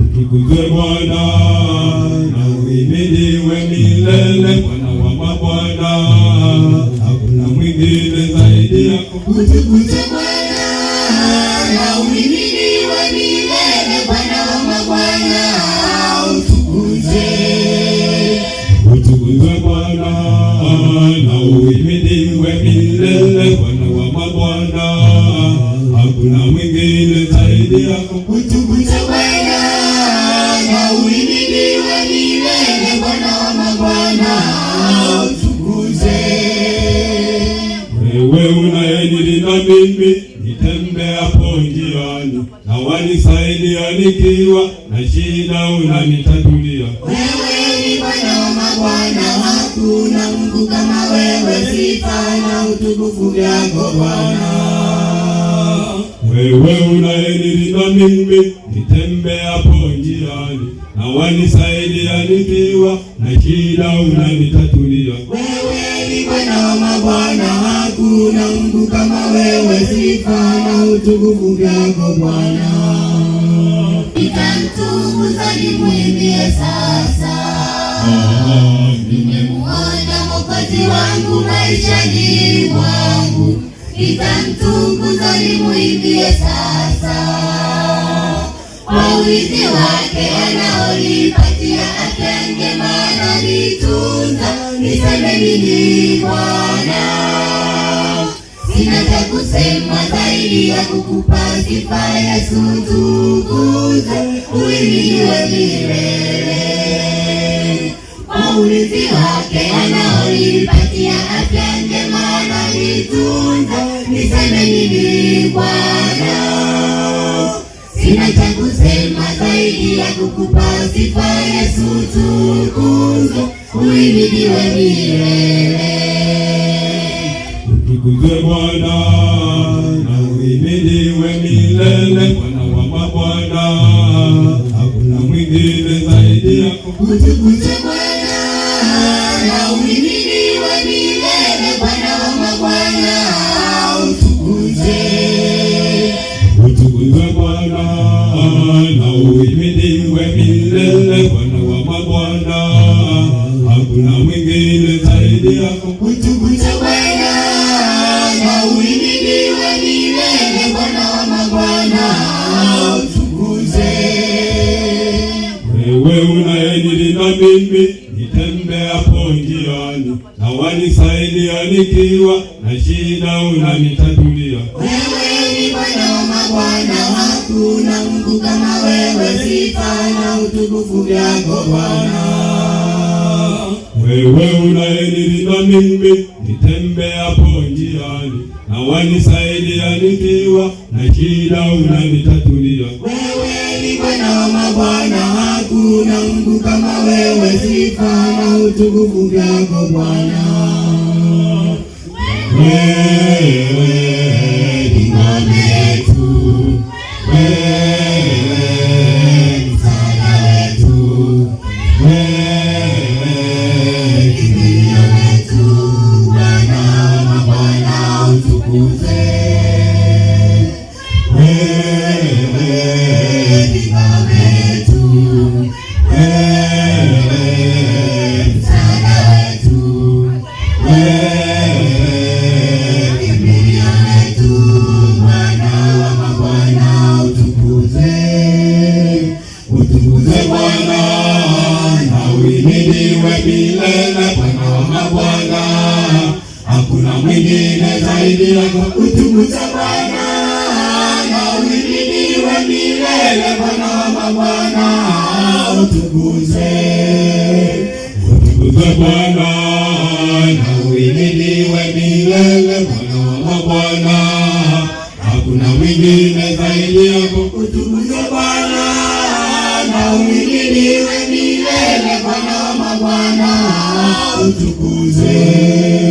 Utukuzwe Bwana na uhimidiwe milele, Bwana wa mabwana, hakuna mwingine zaidi yako. Utukuzwe Bwana na uhimidiwe milele, Bwana wa mabwana, utukuzwe. Utukuzwe Bwana na uhimidiwe milele, Bwana wa mabwana, hakuna mwingine zaidi yako. Utukuzwe mimi hapo njiani, na wanisaidia nikiwa na shida, unanitatulia. Wewe ni Bwana wa mabwana, hakuna Mungu kama wewe, sifa na utukufu vyako Bwana. Wewe unayenilinda mimi hapo njiani, na wanisaidia nikiwa na shida, unanitatulia. Wewe ni Bwana wa mabwana hakuna Mungu kama wewe, sifa na utukufu vyako Bwana. Nimwimbie sasa, Mwokozi wangu maishani mwangu, nitamtukuza. Nimwimbie sasa kwa wake anaonipatia, afya njema ananitunza, niseme nini Bwana sina za kusema zaidi ya kukupa sifa Yesu, tukuze uimiwe milele kwa urithi wake anaoipatia afya njema nitunza, Nisemeni nini Bwana, sina cha kusema zaidi ya kukupa sifa Yesu, tukuze uimiwe milele Utukuzwe Bwana na uhimidiwe milele, Bwana wa mabwana, hakuna mwingine zaidi yako. Utukuzwe Bwana na uhimidiwe milele, Bwana wa mabwana, utukuzwe. Utukuzwe Bwana na uhimidiwe milele, Bwana wa mabwana, hakuna mwingine zaidi yako. mimi nitembea po njiani, na wanisaidia nikiwa na shida, unanitatulia. Wewe ni Bwana wa mabwana, hakuna Mungu kama wewe, sifa na utukufu vyako Bwana. Wewe unayenilinda mimi nitembea po njiani, na wanisaidia nikiwa na shida, unanitatulia. Mataifa na mabwana, hakuna Mungu kama wewe, sifa na utukufu vyako Bwana. Wewe mwingine zaidi yako kutukuza Bwana, uhimidiwe milele Bwana wa mabwana, utukuze utukuze Bwana na uhimidiwe milele Bwana wa mabwana, hakuna mwingine zaidi yako kutukuza Bwana na uhimidiwe milele Bwana wa mabwana, utukuze